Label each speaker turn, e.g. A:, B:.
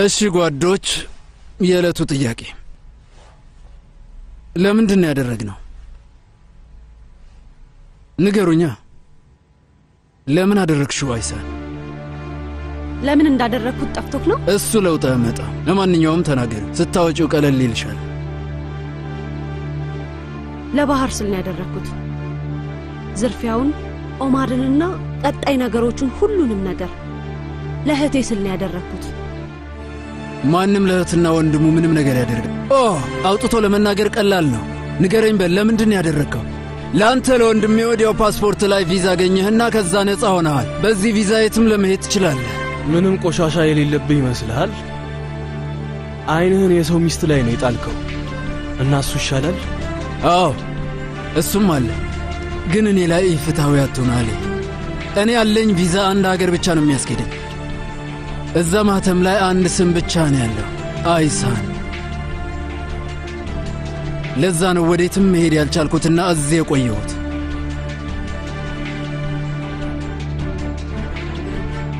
A: እሺ ጓዶች፣ የዕለቱ ጥያቄ ለምንድን ነው ያደረግነው? ንገሩኛ። ለምን አደረግሽው አይሳን?
B: ለምን እንዳደረግኩት ጠፍቶክ ነው?
A: እሱ ለውጥ መጣ። ለማንኛውም ተናገሪ፣ ስታወጪው ቀለል ይልሻል።
B: ለባህር ስል ነው ያደረግኩት። ዝርፊያውን፣ ኦማርንና ቀጣይ ነገሮቹን ሁሉንም ነገር ለእህቴ ስል ነው ያደረግኩት።
A: ማንም ለእህትና ወንድሙ ምንም ነገር ያደርጋል። ኦ አውጥቶ ለመናገር ቀላል ነው። ንገረኝ በል ለምንድን ያደረግከው? ለአንተ ለወንድሜ ወዲያው ፓስፖርት ላይ ቪዛ አገኘህና ከዛ ነፃ ሆነሃል። በዚህ ቪዛ የትም ለመሄድ ትችላለህ።
C: ምንም ቆሻሻ የሌለብህ ይመስልሃል? ዐይንህን የሰው ሚስት ላይ ነው የጣልከው እና እሱ ይሻላል?
A: አዎ እሱም አለ። ግን እኔ ላይ ኢፍትሐዊ አትሆን እኔ ያለኝ ቪዛ አንድ አገር ብቻ ነው የሚያስኬደኝ። እዛ ማተም ላይ አንድ ስም ብቻ ነው ያለው፣ አይሳን። ለዛ ነው ወዴትም መሄድ ያልቻልኩትና እዚህ የቆየሁት።